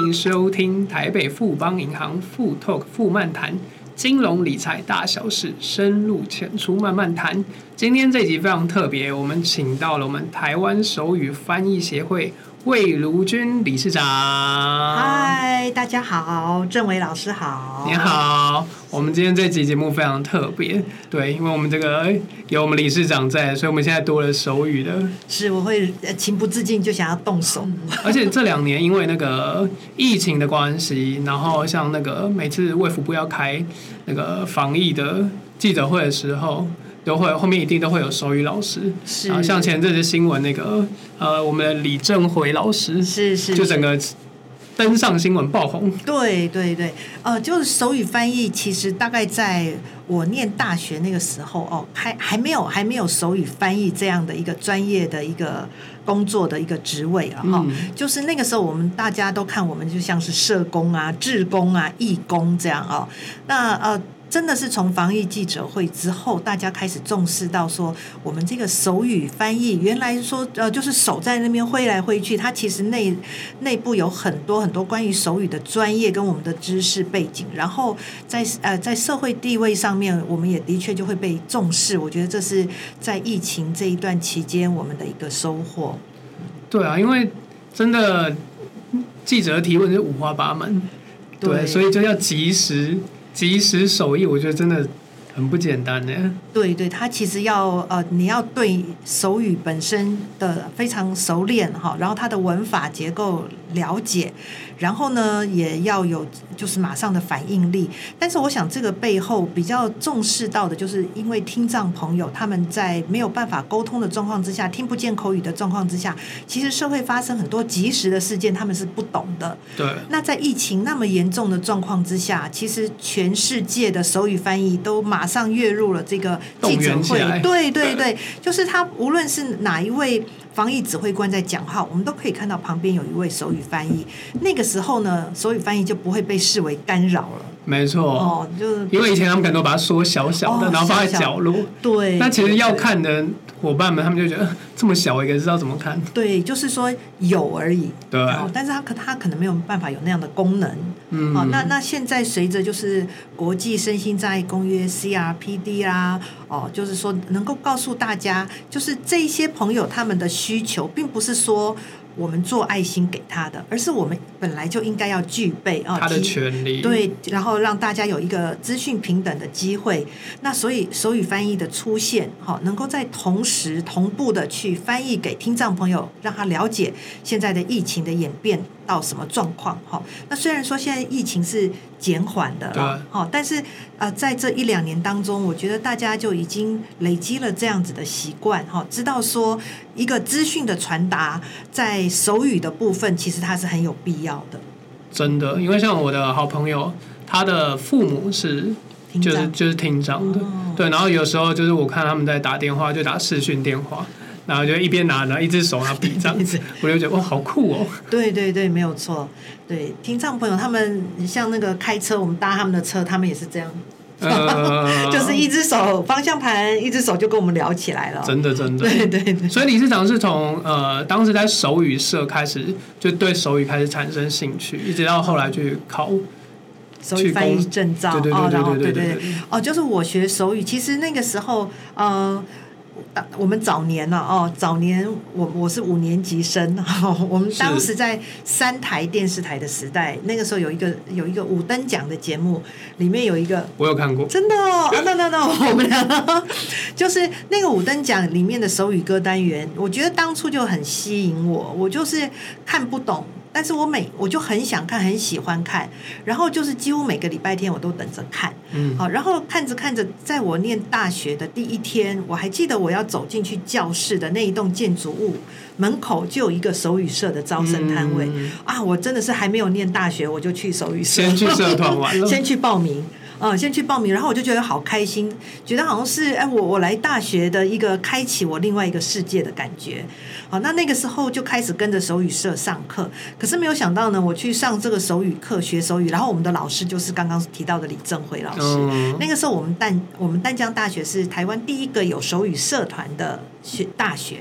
歡迎收聽台北富邦銀行富 Talk 富漫談，金融理財大小事，深入淺出慢慢談。今天這集非常特別，我們請到了我們台灣手語翻譯協會。魏如君理事長，嗨，大家好，鄭偉老師好，你好。我們今天這集節目非常特別，對，因為我們這個有我們理事長在，所以我們現在多了手語的。是，我會情不自禁就想要動手， 而且這兩年因為那個疫情的關係，然後像那個每次衛福部要開那個防疫的記者會的時候。都會後面一定都會有手語老師，是啊，像前陣子新聞那個，呃，我們李振輝老師，是是，是就整個登上新聞爆紅。對對對，呃，就是手語翻譯，其實大概在我念大學那個時候，哦，還還沒有還沒有手語翻譯這樣的一個專業的一個工作的一個職位哈。哦嗯、就是那個時候，我們大家都看我們就像是社工啊、志工啊、義工這樣啊、哦、那呃。真的是從防疫記者會之後，大家開始重視到說，我們這個手語翻譯，原來說呃就是手在那邊揮來揮去，它其實內內部有很多很多關於手語的專業跟我們的知識背景，然後在呃在社會地位上面，我們也的確就會被重視。我覺得這是在疫情這一段期間我們的一個收穫。對啊，因為真的記者的提問是五花八門，對，對所以就要及時。即時手藝，我覺得真的很不簡單呢。對對，他其實要呃，你要對手語本身的非常熟練哈，然後他的文法結構了解，然後呢，也要有就是馬上的反應力。但是我想這個背後比較重視到的，就是因為聽障朋友他們在沒有辦法溝通的狀況之下，聽不見口語的狀況之下，其實社會發生很多即時的事件，他們是不懂的。對。那在疫情那麼嚴重的狀況之下，其實全世界的手語翻譯都馬上躍入了這個。員記者會，對對對， 就是他，無論是哪一位防疫指揮官在講話，我們都可以看到旁邊有一位手語翻譯。那個時候呢，手語翻譯就不會被視為干擾了。沒錯，哦，就是因為以前他們感覺都把它縮小小的，哦、然後放在角落。哦、小小，對，那其實要看的夥伴們，他們就覺得這麼小，我也不知道怎麼看。對，就是說有而已。對、哦，但是他可他可能沒有辦法有那樣的功能。哦，嗯、那那現在隨着就是國際身心障礙公約 CRPD 啦、啊，哦，就是說能夠告訴大家，就是這些朋友他們的需求，並不是說我們做愛心給他的，而是我們。本來就應該要具備啊，他的權利。對，然後讓大家有一個資訊平等的機會。那所以手語翻譯的出現，哈，能夠在同時同步的去翻譯給聽障朋友，讓他了解現在的疫情的演變到什麼狀況，哈。那雖然說現在疫情是減緩的，對，哈，但是呃，在這一兩年當中，我覺得大家就已經累積了這樣子的習慣，哈，知道說一個資訊的傳達在手語的部分，其實它是很有必要。真的，因為像我的好朋友，他的父母是就是長、就是、就是聽障的，哦、對，然後有時候就是我看他們在打電話，就打視訊電話，然後就一邊拿拿一隻手拿比這樣子， 一一我就覺得哇、哦，好酷哦！對對對，沒有錯，對，聽障朋友他們像那個開車，我們搭他們的車，他們也是這樣。嗯、 就是一只手方向盤，一只手就跟我們聊起來了。真的,真的，真的。對對,對。所以理事長是從呃，當時在手語社開始，就對手語開始產生興趣，一直到後來去考，嗯、手語翻譯證照。對對對對對、哦、對,對,對,對。哦，就是我學手語，其實那個時候，呃。啊、我們早年了哦，早年我我是五年級生，哦，我們當時在三台電視台的時代，是那個時候有一個有一個五燈獎的節目，裡面有一個我有看過，真的哦，那那那我們倆就是那個五燈獎裡面的手語歌單元，我覺得當初就很吸引我，我就是看不懂。但是我每我就很想看，很喜歡看，然後就是幾乎每個禮拜天我都等着看，嗯，好，然後看着看着，在我念大學的第一天，我還記得我要走進去教室的那一棟建築物門口就有一個手語社的招生攤位，嗯，啊，我真的是還沒有念大學，我就去手語社，先去社團玩， 先去報名。嗯，先去報名，然後我就覺得好開心，覺得好像是哎，我我來大學的一個開啟我另外一個世界的感覺。好，那那個時候就開始跟着手語社上課，可是沒有想到呢，我去上這個手語課學手語，然後我們的老師就是剛剛提到的李振輝老師。那個時候我們淡，我們淡江大學是台灣第一個有手語社團的學大學。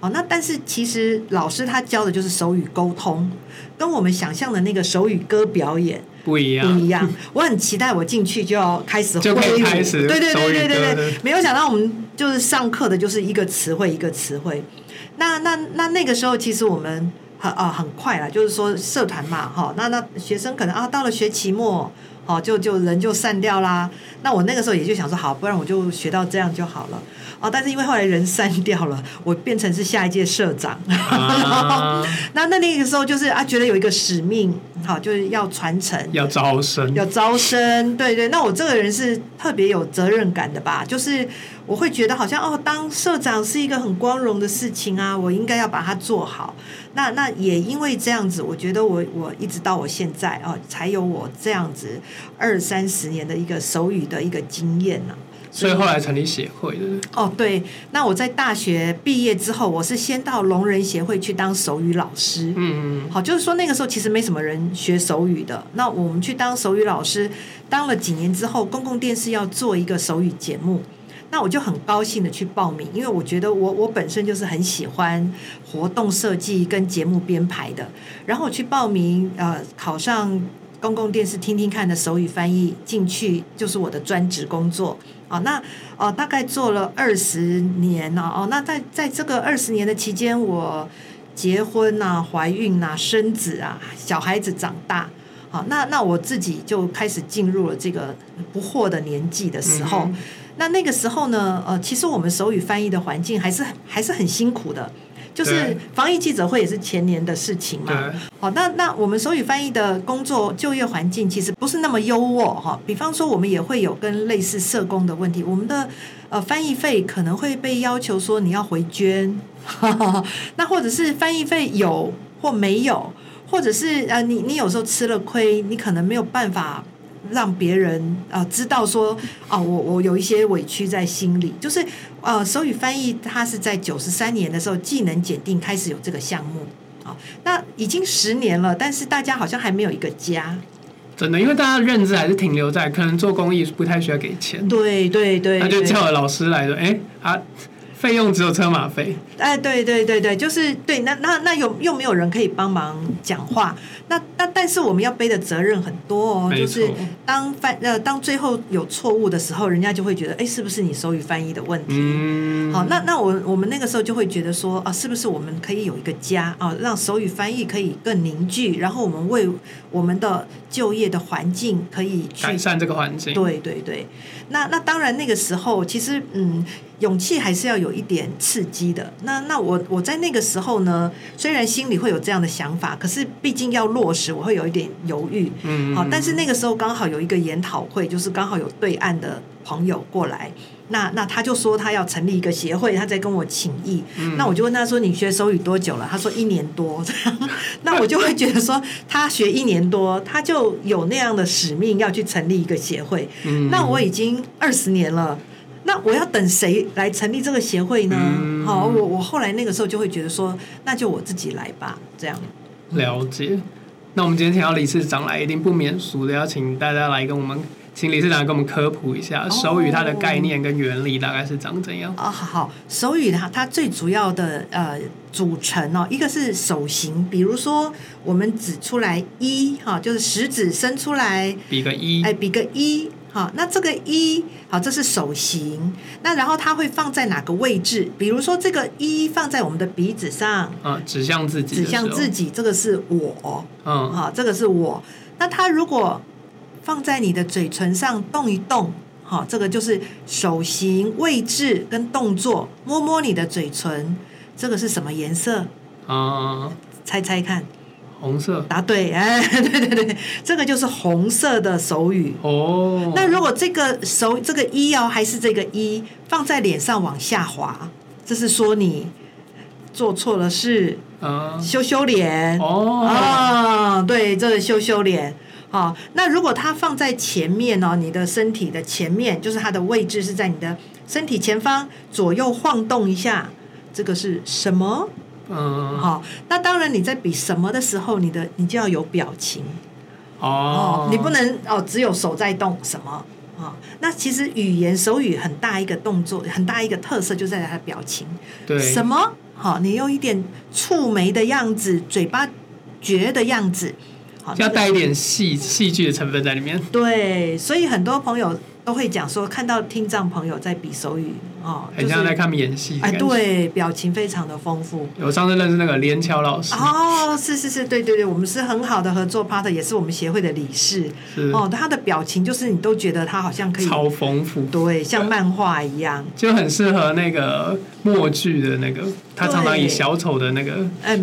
好，那但是其實老師他教的就是手語溝通，跟我們想象的那個手語歌表演。不一樣，不一樣。 我很期待我進去就要開始，就會開始，對對對對對對，對。沒有想到我們就是上課的，就是一個詞彙一個詞彙。那那那那個時候，其實我們很啊很快啦，就是說社團嘛，哈。那那學生可能啊到了學期末，哦就就人就散掉啦。那我那個時候也就想說，好，不然我就學到這樣就好了。哦，但是因為後來人散掉了，我變成是下一屆社長。啊、那那那個時候就是啊，覺得有一個使命，好就是要傳承。要招生。要招生，對對。那我這個人是特別有責任感的吧？就是我會覺得好像哦，當社長是一個很光榮的事情啊，我應該要把它做好。那那也因為這樣子，我覺得我我一直到我現在哦，才有我這樣子二三十年的一個手語的一個經驗呢、啊。所以後來成立協會，對不對？哦，對。那我在大學畢業之後，我是先到聾人協會去當手語老師。嗯嗯。好，就是說那個時候其實沒什麼人學手語的。那我們去當手語老師，當了幾年之後，公共電視要做一個手語節目，那我就很高興的去報名，因為我覺得我我本身就是很喜歡活動設計跟節目編排的。然後我去報名，呃，考上公共電視聽聽看的手語翻譯，進去就是我的專職工作。好，那哦、呃，大概做了二十年吶，哦，那在在這個二十年的期間，我結婚吶、啊、懷孕吶、啊、生子啊、小孩子長大，好、哦，那那我自己就開始進入了這個不惑的年紀的時候，嗯、那那個時候呢，呃，其實我們手語翻譯的環境還是還是很辛苦的。就是防疫記者會也是前年的事情嘛。好，那那我們手語翻譯的工作就業環境其實不是那麼優渥哈。比方說，我們也會有跟類似社工的問題，我們的呃翻譯費可能會被要求說你要回捐，呵呵，那或者是翻譯費有或沒有，或者是呃你你有時候吃了虧，你可能沒有辦法。讓別人啊、呃、知道說啊、哦，我我有一些委屈在心裡，就是呃，手語翻譯他是在九十三年的時候技能檢定開始有這個項目啊、哦，那已經十年了，但是大家好像還沒有一個家。真的，因為大家的認知還是停留在可能做公益不太需要給錢。對對對，他就叫了老師來，說哎啊。費用只有車馬費，哎，對對對對，就是對，那那那有又沒有人可以幫忙講話？那那但是我們要背的責任很多哦，沒錯。就是當翻呃當最後有錯誤的時候，人家就會覺得，哎、欸，是不是你手語翻譯的問題？嗯、好，那那我我們那個時候就會覺得說，啊，是不是我們可以有一個家啊，讓手語翻譯可以更凝聚，然後我們為我們的。就業的環境可以去改善這個環境，對對對。那那當然，那個時候其實嗯，勇氣還是要有一點刺激的。那那我我在那個時候呢，雖然心裡會有這樣的想法，可是畢竟要落實，我會有一點猶豫。嗯，嗯，嗯，好，但是那個時候剛好有一個研討會，就是剛好有對岸的。朋友過來，那那他就說他要成立一個協會，他在跟我請益，嗯、那我就問他說，你學手語多久了？他說一年多這樣， 那我就會覺得說他學一年多， 他就有那樣的使命要去成立一個協會。嗯、那我已經二十年了，那我要等誰來成立這個協會呢？嗯、好，我我後來那個時候就會覺得說，那就我自己來吧，這樣了解。那我們今天請到理事長來，一定不免俗的邀請大家來跟我們。請理事長來給我們科普一下手語它的概念跟原理，大概是長怎樣啊、哦？好，好，手語它它最主要的呃組成哦，一個是手型，比如說我們指出來一哈、哦，就是食指伸出來，比個一，哎，比個一，好、哦，那這個一好、哦，這是手型，那然後它會放在哪個位置？比如說這個一放在我們的鼻子上，哦、指向自己，指向自己，這個是我，嗯，好、哦，這個是我，那它如果，放在你的嘴唇上動一動，好，這個就是手型位置跟動作。摸摸你的嘴唇，這個是什麼顏色？啊，uh, 猜猜看，紅色。答對，哎，對對對，這個就是紅色的手語。哦，oh. 那如果這個手這個一哦，還是這個一，放在臉上往下滑，這是說你做錯了事，uh, 羞羞臉。哦、oh. oh, 對，這是羞羞臉。好、哦，那如果它放在前面哦，你的身體的前面，就是它的位置是在你的身體前方左右晃動一下，這個是什麼？嗯，好、哦，那當然你在比什麼的時候，你的你就要有表情哦，哦，你不能哦，只有手在動什麼啊、哦？那其實語言手語很大一個動作，很大一個特色，就在它的表情。對，什麼？好、哦，你用一點蹙眉的樣子，嘴巴撅的樣子。要帶一點戲戲劇的成分在裡面。對，所以很多朋友都會講說，看到聽障朋友在比手語哦，就是、很像在看演戲啊、哎。對，表情非常的豐富。我上次認識那個連橋老師哦，是是是，對對對，我們是很好的合作 partner，也是我們協會的理事。是哦，他的表情就是你都覺得他好像可以超豐富，對，像漫畫一樣，就很適合那個默劇的那個。他常常以小丑的那個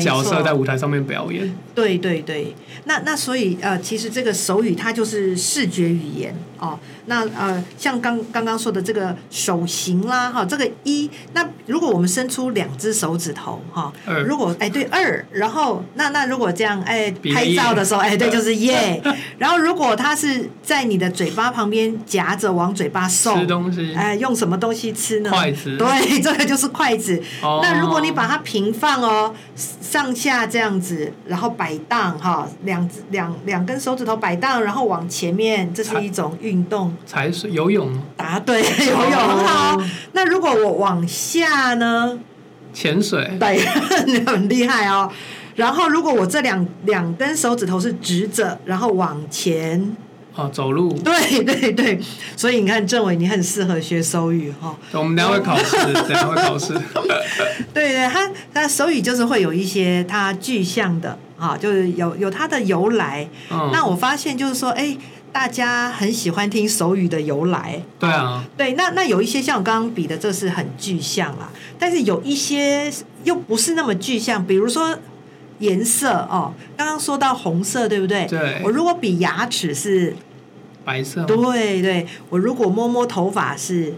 角色在舞台上面表演。對，哎、對對對，那那所以呃，其實這個手語它就是視覺語言哦。那呃，像剛剛剛說的這個手型啦，哈、哦，這個一，那如果我們伸出兩隻手指頭，哈、哦，二如果哎對二，然後那那如果這樣，哎一拍照的時候，的哎對就是耶。 然後如果他是在你的嘴巴旁邊夾着往嘴巴送，吃東西，哎用什麼東西吃呢？筷子，對，這個就是筷子。哦、那如如果你把它平放，哦，上下這樣子，然後擺盪哈、哦，兩兩兩根手指頭擺盪，然後往前面，這是一種運動。踩水游泳。答、啊、對，游泳很好，哦。哦、那如果我往下呢？潛水。對呵呵，你很厲害哦。然後如果我這兩兩根手指頭是直着，然後往前。哦，走路。對對對，對，所以你看，政委你很適合學手語哈、哦。我們兩位考試，兩位考試。對對，他他手語就是會有一些他具象的啊、哦，就是有有他的由來。嗯、那我發現就是說，哎，大家很喜歡聽手語的由來。對啊、哦。對，那那有一些像我剛剛比的，這是很具象了，但是有一些又不是那麼具象，比如說。顏色哦，剛剛說到紅色，對不對？對。我如果比牙齒是白色，對對，對，我如果摸摸頭髮是。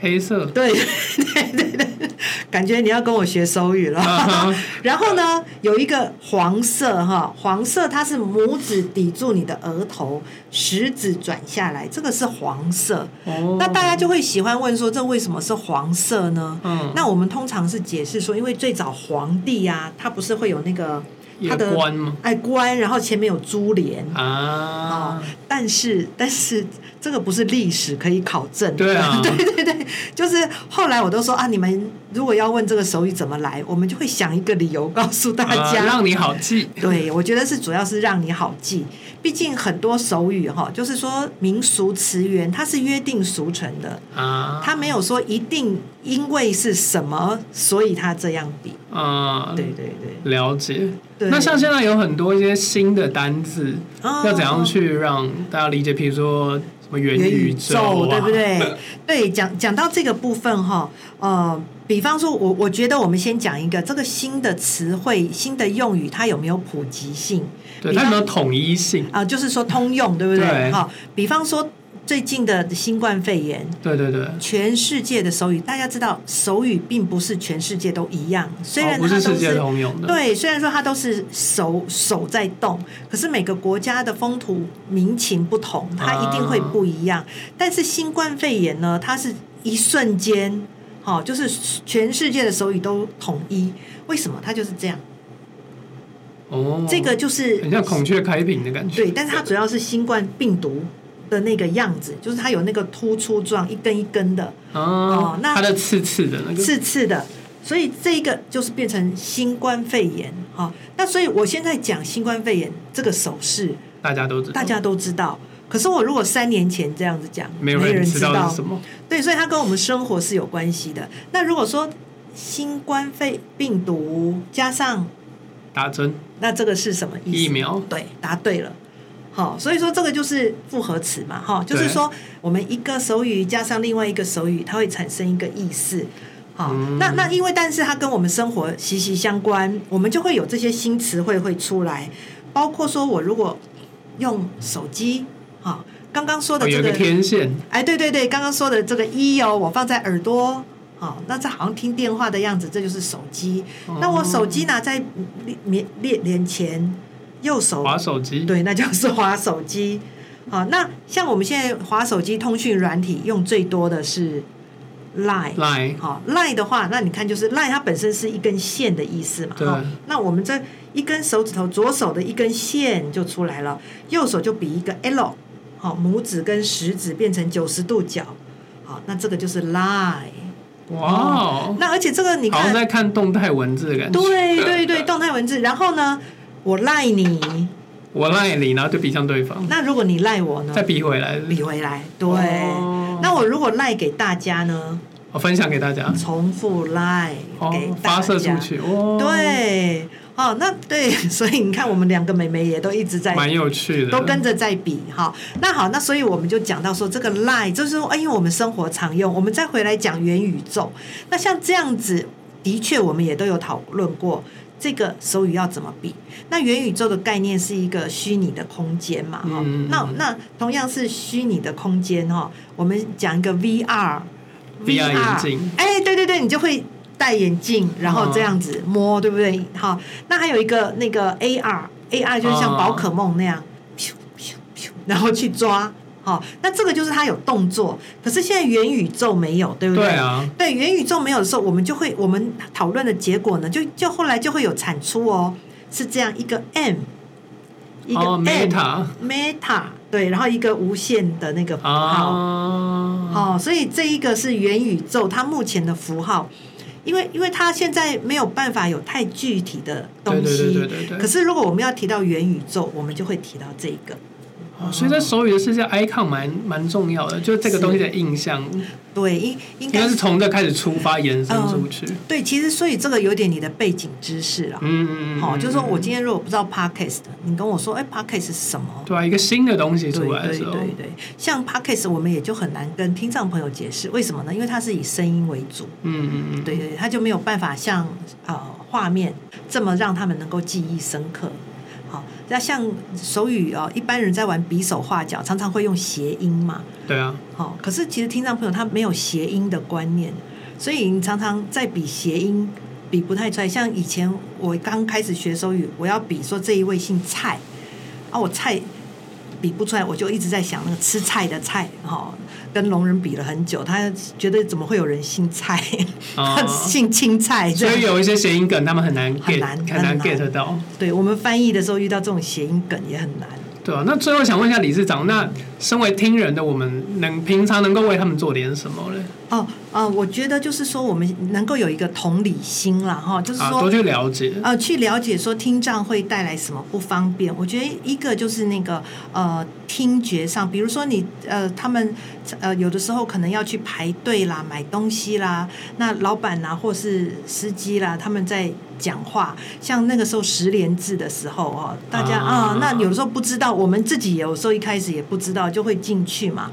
黑色，對對對對，對，感覺你要跟我學手語了。啊、然後呢，啊、有一個黃色哈，黃色它是拇指抵住你的額頭，食指轉下來，這個是黃色。哦，那大家就會喜歡問說，這為什麼是黃色呢？嗯，那我們通常是解釋說，因為最早皇帝啊，他不是會有那個嗎？他的哎冠，然後前面有珠簾啊、哦，但是但是，這個不是歷史可以考證，對啊， 對對對，就是後來我都說啊，你們如果要問這個手語怎麼來，我們就會想一個理由告訴大家，啊，讓你好記。對，我覺得是主要是讓你好記，畢 竟很多手語哈，就是說民俗詞源，它是約定俗成的啊，他沒有說一定因為是什麼，所以他這樣比啊，對對對，了解。對那像現在有很多一些新的單字，啊，要怎樣去讓大家理解？譬如說。元宇宙啊、元宇宙，對不對？ 對，講講到這個部分哈，呃，比方說，我我覺得我們先講一個這個新的詞彙、新的用語，它有沒有普及性？對，方它有沒有統一性啊、呃？就是說通用，對不對？哈對、哦，比方說。最近的新冠肺炎，對對對，全世界的手語大家知道，手語並不是全世界都一樣。雖然它都是，不是世界通用的。對，雖然說它都是手手在動，可是每個國家的風土民情不同，它一定會不一樣。啊、但是新冠肺炎呢，它是一瞬間、哦，就是全世界的手語都統一。為什麼它就是這樣？哦、這個就是很像孔雀開屏的感覺。對，但是它主要是新冠病毒。的那個樣子，就是它有那個突出狀，一根一根的哦，哦。那它的刺刺的那個刺刺的，所以這一個就是變成新冠肺炎哦，那所以我現在講新冠肺炎這個手勢，大家都知道，大家都知道。可是我如果三年前這樣子講，沒人知道是什麼。對，所以它跟我們生活是有關係的。那如果說新冠肺炎病毒加上打針，真那這個是什麼意思？疫苗？對，答對了。好，所以說這個就是複合詞嘛，哈，就是說我們一個手語加上另外一個手語，它會產生一個意思。好，那那因為，但是它跟我們生活息息相關，我們就會有這些新詞彙會出來。包括說我如果用手機，哈，剛剛說的這個天線，哎，對對對，剛剛說的這個一哦，我放在耳朵，好，那這好像聽電話的樣子，這就是手機。那我手機拿在面臉前。右手滑手機，對，那就是滑手機。好，那像我們現在滑手機通訊軟體用最多的是 Line Line 好 Line 的話，那你看就是 Line 它本身是一根線的意思嘛。對。好，那我們這一根手指頭，左手的一根線就出來了，右手就比一個 L 好，拇指跟食指變成九十度角，好，那這個就是 Line。哇 Wow、哦！那而且這個你看，好像在看動態文字的感覺。對對對，呵呵動態文字。然後呢？我賴你，我賴你，然後就比向對方。那如果你賴我呢？再比回來，比回來。對，哦、那我如果賴給大家呢？我分享給大家，重複賴給大家、哦。發射出去，哦、對，哦，那對，所以你看，我們兩個妹妹也都一直在，蠻有趣的，都跟着在比哈。那好，那所以我們就講到說，這個賴就是，哎，因為我們生活常用，我們再回來講元宇宙。那像這樣子，的確我們也都有討論過。這個手語要怎麼比？那元宇宙的概念是一個虛擬的空間嘛，哈、嗯，那那同樣是虛擬的空間哈，我們講一個 VR，VR，哎眼鏡 VR、欸，對對對，你就會戴眼鏡，然後這樣子摸，哦、對不對？哈，那還有一個那個 AR，AR AR 就是像寶可夢那樣，哦、然後去抓。哦，那這個就是它有動作，可是現在元宇宙沒有，對不對？對啊，對，元宇宙沒有的時候，我們就會我們討論的結果呢，就就後來就會有產出哦，是這樣一個 M，一個，oh, meta，meta 對，然後一個無限的那個符號，oh. 哦，所以這一個是元宇宙它目前的符號，因為因為它現在沒有辦法有太具體的東西，可是如果我們要提到元宇宙，我們就會提到這一個。哦、所以，在手語的世界，icon 蠻蠻重要的，就是這個東西的印象。對，應應該，應該是從這開始出發，延伸出去，嗯。對，其實所以這個有點你的背景知識了，嗯。嗯、哦、嗯好，就是說我今天如果不知道 Podcast，你跟我說，哎、欸、Podcast 是什麼？對啊，一個新的東西出來的時候，對對、對、對、對。像 Podcast 我們也就很難跟聽障朋友解釋為什麼呢？因為它是以聲音為主。嗯嗯嗯。對、嗯、對，對它就沒有辦法像呃畫面這麼讓他們能夠記憶深刻。那像手語哦，一般人在玩比手畫腳，常常會用諧音嘛。對啊，好、哦，可是其實聽障朋友他沒有諧音的觀念，所以你常常在比諧音比不太出來。像以前我剛開始學手語，我要比說這一位姓蔡啊，我菜比不出來，我就一直在想那個吃菜的菜，哈、哦。跟聾人比了很久，他覺得怎麼會有人姓蔡？嗯、他姓青菜，所以有一些諧音梗，他們很難很難 get 到。對我們翻譯的時候遇到這種諧音梗也很難。對啊，那最後想問一下理事長，那身為聽人的我們，能平常能夠為他們做點什麼呢？哦，哦、呃，我覺得就是說，我們能夠有一個同理心啦，哈、哦，就是說，啊、多去了解，呃，去了解說聽障會帶來什麼不方便。我覺得一個就是那個，呃，聽覺上，比如說你，呃，他們，呃，有的時候可能要去排隊啦，買東西啦，那老板吶，或是司機啦，他們在講話，像那個時候實聯制的時候，哦，大家啊，啊啊那有的時候不知道，啊、我們自己有時候一開始也不知道，就會進去嘛。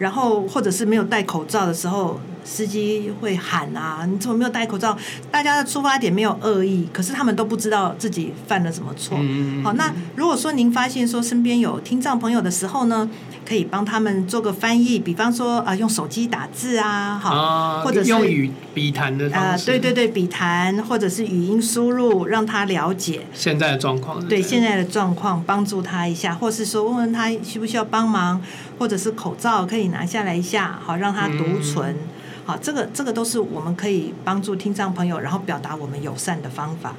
然後，或者是沒有戴口罩的時候。司機會喊啊！你怎麼沒有戴口罩？大家的出發點沒有惡意，可是他們都不知道自己犯了什麼錯。嗯嗯、好，那如果說您發現說身邊有聽障朋友的時候呢，可以幫他們做個翻譯，比方說啊，用手機打字啊，好，啊、或者是用語筆談的啊、呃，對對對，筆談或者是語音輸入，讓他了解現在的狀況。對,對,對,對現在的狀況，幫助他一下，或是說問問他需不需要幫忙，或者是口罩可以拿下來一下，好讓他讀唇。嗯嗯啊，這個這個都是我們可以幫助聽障朋友，然後表達我們友善的方法。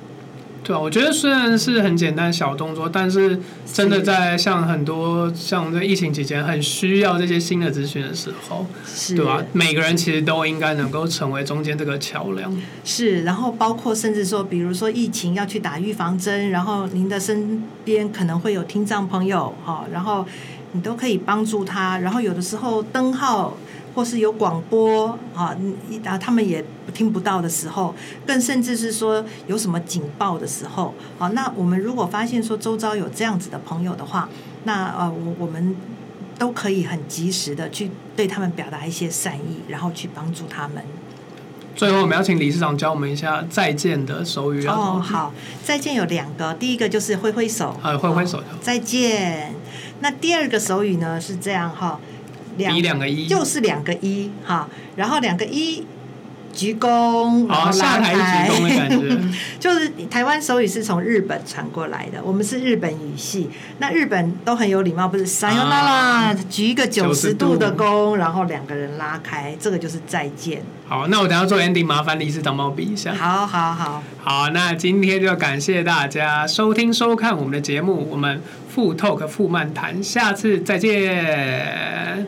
對啊，我覺得雖然是很簡單小動作，但是真的在像很多像在疫情期間很需要這些新的資訊的時候，是，對吧，對啊，每個人其實都應該能夠成為中間這個橋樑。是，是，然後包括甚至說，比如說疫情要去打預防針，然後您的身邊可能會有聽障朋友，哈、哦，然後你都可以幫助他。然後有的時候燈號。或是有廣播啊，然啊，他們也聽不到的時候，更甚至是說有什麼警報的時候，好、啊，那我們如果發現說周遭有這樣子的朋友的話，那呃，我、啊、我們都可以很及時的去對他們表達一些善意，然後去幫助他們。最後，我們要請理事長教我們一下再見的手語。哦，好，再見有兩個，第一個就是揮揮手，好、啊，揮揮手，哦、好再見。那第二個手語呢是這樣哈、哦。比兩個一，就是兩個一，哈，然後兩個一鞠躬，然後拉開，下台是鞠躬的感覺，就是台灣手語是從日本傳過來的，我們是日本語系，嗯、那日本都很有禮貌，不是 Sayonara 啦，舉一個九十度的躬，然後兩個人拉開，這個就是再見。好，那我等一下做 ending，麻煩理事長幫我比一下。好，好，好，好，那今天就要感謝大家收聽收看我們的節目，我們富 talk 富漫談，下次再見。